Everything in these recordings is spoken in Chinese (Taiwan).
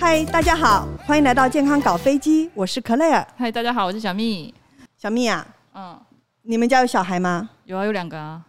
嗨，大家好，歡迎來到健康搞飛機，我是 Claire。嗨，大家好，我是小蜜。小蜜啊，嗯、uh,，你們家有小孩嗎？有啊，有兩個啊。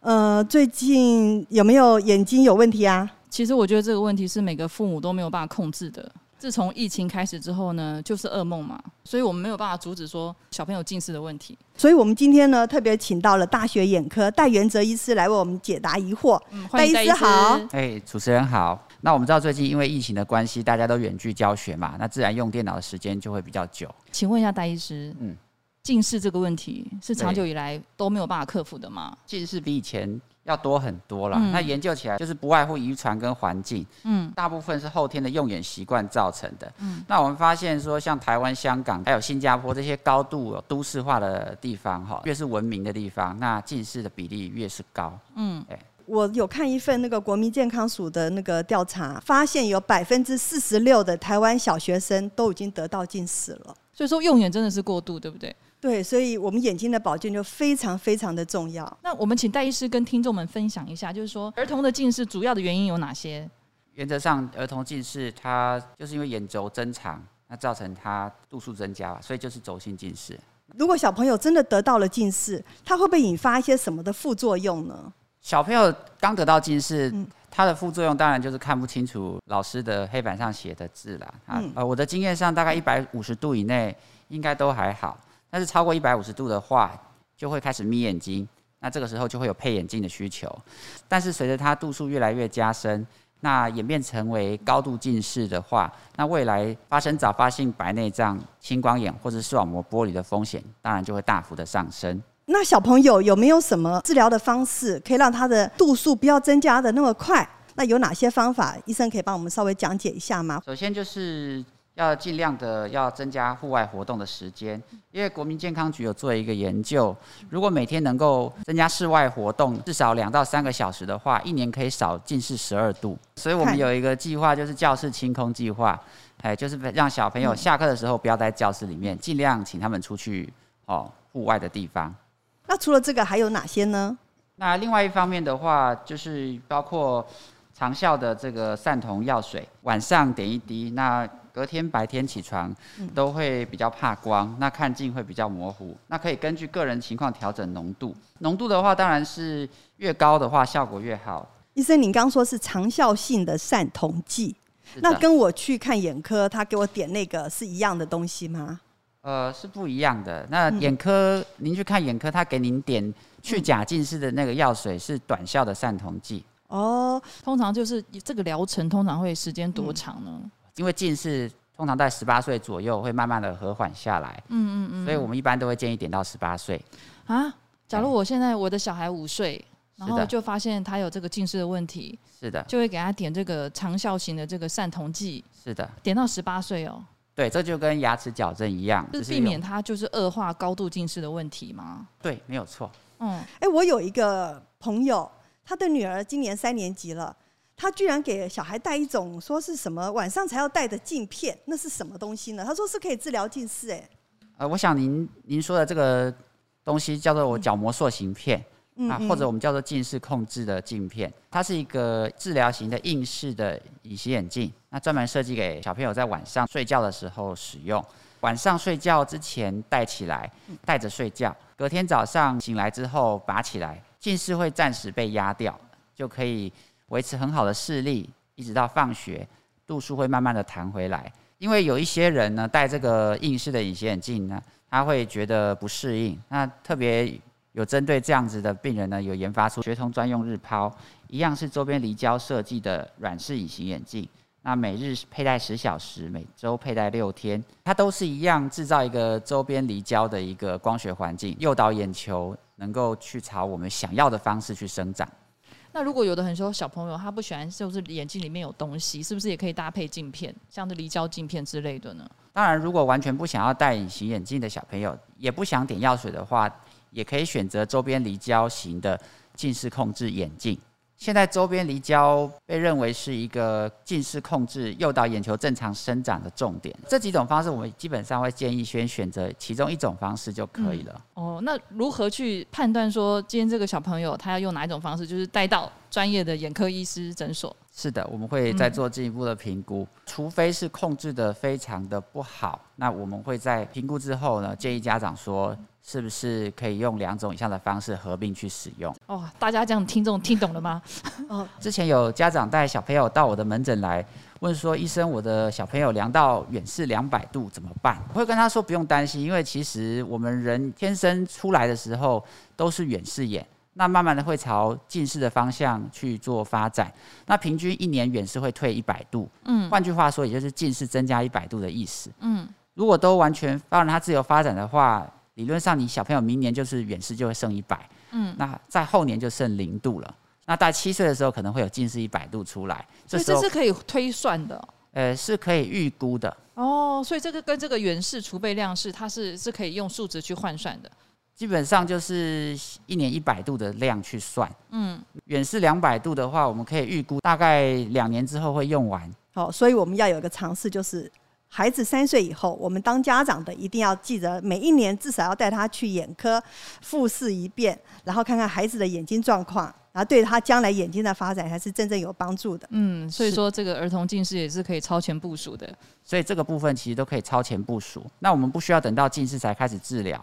呃，最近有沒有眼睛有問題啊？其實我覺得這個問題是每個父母都沒有辦法控制的。自從疫情開始之後呢，就是噩夢嘛，所以我們沒有辦法阻止說小朋友近視的問題。所以我們今天呢，特別請到了大學眼科戴元喆醫師來為我們解答疑惑。戴、嗯、醫師好。哎，hey, 主持人好。那我們知道最近因為疫情的關係，嗯，大家都遠距教學嘛，那自然用電腦的時間就會比較久。請問一下，戴醫師，嗯，近視這個問題是長久以來都沒有辦法克服的嗎？近視比以前要多很多了，嗯。那研究起來就是不外乎遺傳跟環境，嗯，大部分是後天的用眼習慣造成的。嗯，那我們發現說，像台灣、香港還有新加坡這些高度都市化的地方，哈，越是文明的地方，那近視的比例越是高。嗯，欸我有看一份那個國民健康署的那個調查，發現有百分之四十六的台灣小學生都已經得到近視了。所以說用眼真的是過度，對不對？對，所以我們眼睛的保健就非常非常的重要。那我們請戴醫師跟聽眾們分享一下，就是說兒童的近視主要的原因有哪些？原則上，兒童近視它就是因為眼軸增長，那造成它度數增加，所以就是軸性近視。如果小朋友真的得到了近視，他會不會引發一些什麼的副作用呢？小朋友剛得到近視，嗯，他的副作用當然就是看不清楚老師的黑板上寫的字了，嗯，啊。呃，我的經驗上，大概一百五十度以內應該都還好，但是超過一百五十度的話，就會開始眯眼睛。那這個時候就會有配眼鏡的需求。但是隨着他度數越來越加深，那演變成為高度近視的話，那未來發生早發性白內障、青光眼或者視網膜剝離的風險，當然就會大幅的上升。那小朋友有沒有什麼治療的方式可以讓他的度數不要增加的那麼快？那有哪些方法？醫生可以幫我們稍微講解一下嗎？首先就是要儘量的要增加戶外活動的時間，因為國民健康局有做一個研究，如果每天能夠增加室外活動至少兩到三個小時的話，一年可以少近視十二度。所以我們有一個計劃，就是教室清空計劃，哎，就是讓小朋友下課的時候不要在教室裡面，儘量請他們出去哦，戶外的地方。那除了這個還有哪些呢？那另外一方面的話，就是包括長效的這個散瞳藥水，晚上點一滴，那隔天白天起床都會比較怕光，那看近會比較模糊。那可以根據個人情況調整濃度，濃度的話當然是越高的話效果越好。醫生，您剛剛說是長效性的散瞳劑，那跟我去看眼科，他給我點那個是一樣的東西嗎？呃，是不一樣的。那眼科，嗯、您去看眼科，他給您點去假近視的那個藥水，嗯，是短效的散瞳劑。哦，通常就是這個療程通常會時間多長呢？因為近視通常在十八歲左右會慢慢的和緩下來。嗯嗯嗯。所以我們一般都會建議點到十八歲。啊，假如我現在我的小孩五歲，嗯，然後就發現他有這個近視的問題，是的，就會給他點這個長效型的這個散瞳劑。是的，點到十八歲哦。對，這就跟牙齒矯正一樣，這是避免它就是惡化高度近視的問題嗎？對，沒有錯。嗯，哎、欸，我有一個朋友，他的女兒今年三年級了，她居然給小孩戴一種說是什麼晚上才要戴的鏡片，那是什麼東西呢？她說是可以治療近視、欸。哎，呃，我想您您說的這個東西叫做我角膜塑形片、嗯嗯、啊，或者我們叫做近視控制的鏡片，它是一個治療型的硬式的隱形眼鏡。那專門設計給小朋友在晚上睡覺的時候使用，晚上睡覺之前戴起來，戴着睡覺，隔天早上醒來之後拔起來，近視會暫時被壓掉，就可以維持很好的視力，一直到放學，度數會慢慢的彈回來。因為有一些人呢，戴這個硬式的隱形眼鏡呢，他會覺得不適應。那特別有針對這樣子的病人呢，有研發出學童專用日拋，一樣是周邊離焦設計的軟式隱形眼鏡。那每日佩戴十小時，每周佩戴六天，它都是一樣制造一個周邊離焦的一個光學環境，誘導眼球能夠去朝我們想要的方式去生長。那如果有的很多小朋友他不喜歡，是不是眼睛裡面有東西？是不是也可以搭配鏡片，像是離焦鏡片之類的呢？當然，如果完全不想要戴隱形眼鏡的小朋友，也不想點藥水的話，也可以選擇周邊離焦型的近視控制眼鏡。現在周邊離焦被認為是一個近視控制、誘導眼球正常生長的重點。這幾種方式，我們基本上會建議先選擇其中一種方式就可以了。嗯。哦，那如何去判斷說今天這個小朋友他要用哪一種方式，就是帶到專業的眼科醫師診所？是的，我們會再做進一步的評估，嗯，除非是控制的非常的不好，那我們會在評估之後呢，建議家長說。是不是可以用兩種以上的方式合併去使用？哦，大家這樣聽眾聽懂了嗎？哦，之前有家長帶小朋友到我的門診來問說：「醫生，我的小朋友量到遠視兩百度怎麼辦？」我會跟他說：「不用擔心，因為其實我們人天生出來的時候都是遠視眼，那慢慢的會朝近視的方向去做發展。那平均一年遠視會退一百度，嗯，換句話說，也就是近視增加一百度的意思。嗯，如果都完全讓它自由發展的話。理論上，你小朋友明年就是遠視就會剩一百，嗯，那在後年就剩零度了。那在七歲的時候可能會有近視一百度出來，這，所以這是可以推算的，呃，是可以預估的。哦，所以這個跟這個遠視儲備量是，它是是可以用數值去換算的。基本上就是一年一百度的量去算，嗯，遠視兩百度的話，我們可以預估大概兩年之後會用完。好，所以我們要有一個嘗試就是。孩子三歲以後，我們當家長的一定要記得每一年至少要帶他去眼科複視一遍，然後看看孩子的眼睛狀況，然後對他將來眼睛的發展才是真正有幫助的。嗯，所以說這個兒童近視也是可以超前部署的，所以這個部分其實都可以超前部署。那我們不需要等到近視才開始治療，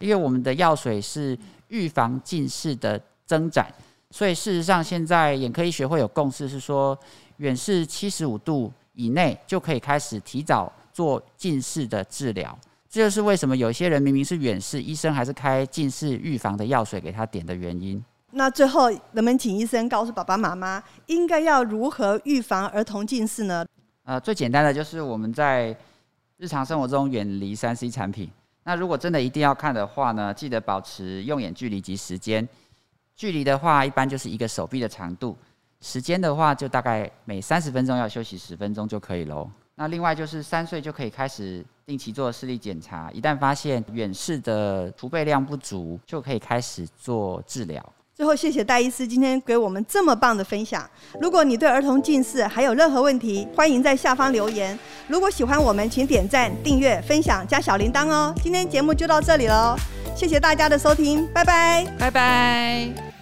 因為我們的藥水是預防近視的增長。所以事實上，現在眼科醫學會有共識是說，遠視七十五度。以內就可以開始提早做近視的治療，這就是為什麼有些人明明是遠視，醫生還是開近視預防的藥水給他點的原因。那最後，能不能請醫生告訴爸爸媽媽，應該要如何預防兒童近視呢？呃，最簡單的就是我們在日常生活中遠離 3C 產品。那如果真的一定要看的話呢，記得保持用眼距離及時間。距離的話，一般就是一個手臂的長度。時間的話，就大概每三十分鐘要休息十分鐘就可以囉。那另外就是三歲就可以開始定期做視力檢查，一旦發現遠視的儲備量不足，就可以開始做治療。最後，謝謝戴醫師今天給我們這麼棒的分享。如果你對兒童近視還有任何問題，歡迎在下方留言。如果喜歡我們，請點讚、訂閱、分享加小鈴鐺哦。今天節目就到這裡了哦，謝謝大家的收聽，拜拜，拜拜。